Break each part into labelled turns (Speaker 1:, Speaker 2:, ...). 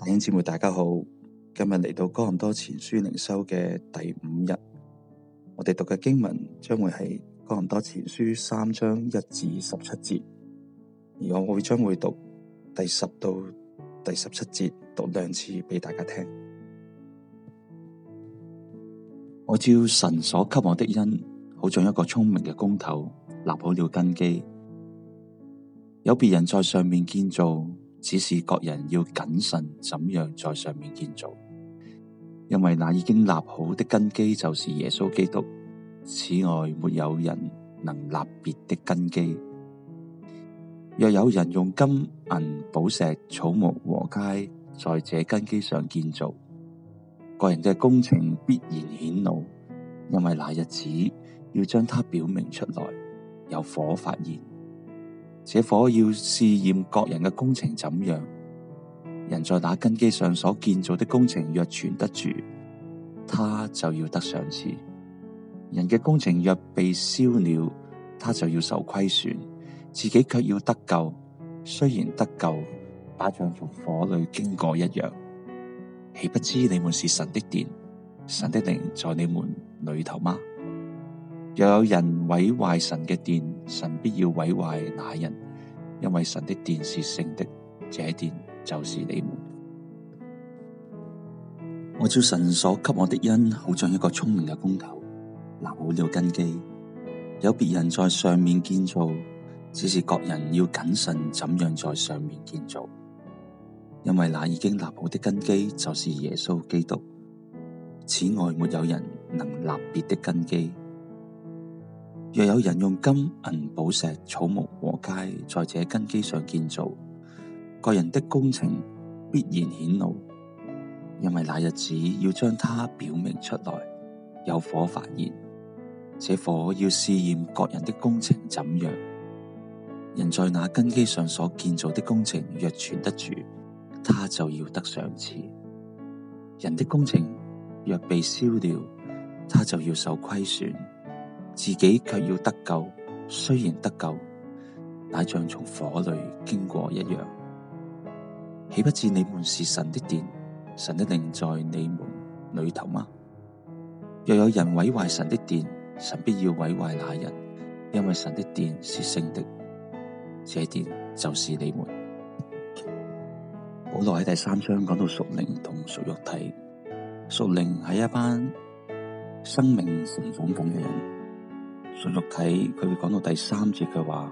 Speaker 1: 弟兄姊妹，大家好！今日嚟到《哥林多前書》靈修嘅第五日，我哋讀嘅經文將會係《哥林多前書》三章一至十七節，而我會將會讀第十到第十七節，讀兩次俾大家聽。我照神所給我的恩，好像一個聰明嘅工頭立好了根基，有別人在上面建造。只是各人要謹慎怎樣在上面建造，因為那已經立好的根基就是耶穌基督，此外沒有人能立別的根基。若有人用金銀寶石草木禾秸在這根基上建造，各人的工程必然顯露，因為那日子要將它表明出來，有火發現。這火要試驗各人嘅工程怎樣？人在那根基上所建造的工程若存得住，他就要得賞賜。人嘅工程若被燒了，他就要受虧損，自己却要得救。雖然得救，好像從火裏經過一樣。豈不知你們是神的殿？神的靈在你們裏頭嗎？若有人毀壞神嘅殿。神必要毀壞那人，因為神的殿是聖的，這殿就是你們。我照神所給我的恩，好像一個聰明的工頭，立好了根基，有別人在上面建造，只是各人要謹慎怎樣在上面建造，因為那已經立好的根基就是耶穌基督。此外，沒有人能立別的根基。若有人用金銀寶石草木禾秸，在這根基上建造，各人的工程必然顯露，因為那日子要將它表明出來。有火發現，這火要試驗各人的工程怎樣。人在那根基上所建造的工程若存得住，他就要得賞賜；人的工程若被燒掉，他就要受虧損。自己卻要得救，雖然得救，乃像從火裏經過一樣。豈不知你們是神的殿，神的靈在你們裏頭嗎？若有人毀壞神的殿，神必要毀壞那人，因為神的殿是聖的，這殿就是你們。保羅喺第三章講到屬靈同屬肉體，屬靈係一班生命神掌控嘅人。屬肉體，佢會講到第三節嘅話，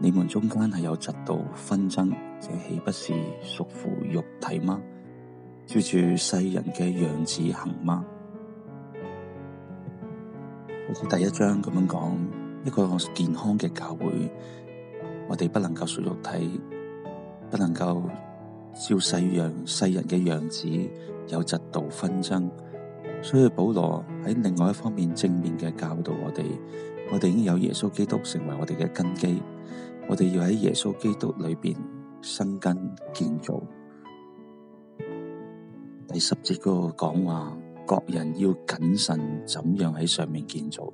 Speaker 1: 你們中間係有嫉妒紛爭，這豈不是屬乎肉體嗎？照住世人嘅樣子行嗎？好似第一章咁樣講，一個健康嘅教會，我哋不能夠屬肉體，不能夠照世人、世人嘅樣子有嫉妒紛爭。所以保羅喺另外一方面正面嘅教導我哋，我哋已經有耶穌基督成為我哋嘅根基，我哋要喺耶穌基督裏邊生根建造。第十節 𠮶 個講話，各人要謹慎怎樣喺上面建造。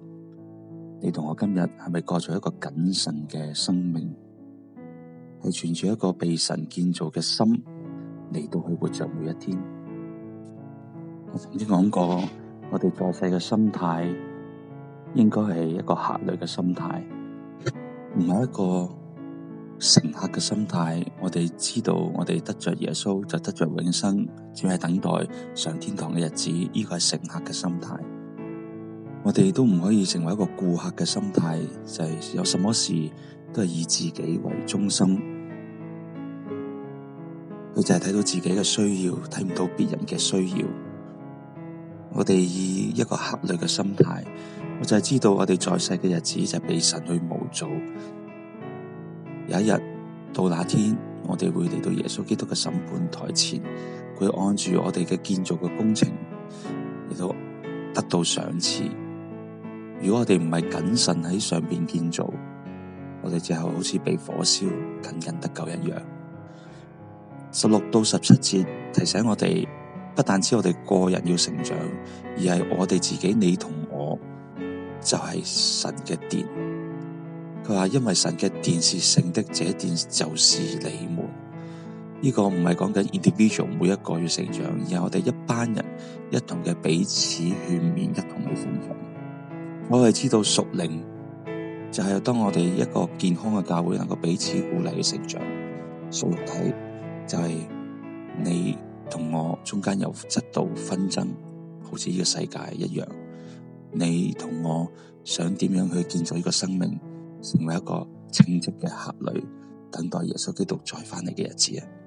Speaker 1: 你同我今日係咪過咗一個謹慎嘅生命？係存住一個被神建造嘅心嚟到去活着每一天。我曾經講過，我哋在世嘅心態應該係一個客旅嘅心態，唔係一個乘客嘅心態。我哋知道我哋得着耶穌就得着永生，只係等待上天堂嘅日子。呢、這個係乘客嘅心態。我哋都唔可以成為一個顧客嘅心態，就係、是、有什麼事都係以自己為中心，佢就係睇到自己嘅需要，睇唔到別人嘅需要。我哋以一個客旅嘅心態，我就係知道我哋在世嘅日子就俾神去模造。有一日到那天，我哋會嚟到耶穌基督嘅審判台前，佢按住我哋嘅建造嘅工程嚟到得到賞賜。如果我哋唔係謹慎喺上邊建造，我哋就係好似被火燒，僅僅得救一樣。十六到十七節提醒我哋。不但只我哋個人要成長，而係我哋自己，你同我就係、是、神嘅殿。佢話因為神嘅殿是聖的，這殿就是你們，呢、這個唔係講緊 individual 每一個要成長，而係我哋一班人一同嘅彼此勸勉，一同嘅成長。我係知道屬靈就係、是、當我哋一個健康嘅教會能夠彼此鼓勵嘅成長，屬肉體就係、是、你同我中間有嫉妒紛爭，好似呢個世界一樣。你同我想點樣去建造呢個生命，成為一個稱職嘅客旅，等待耶穌基督再返嚟嘅日子啊！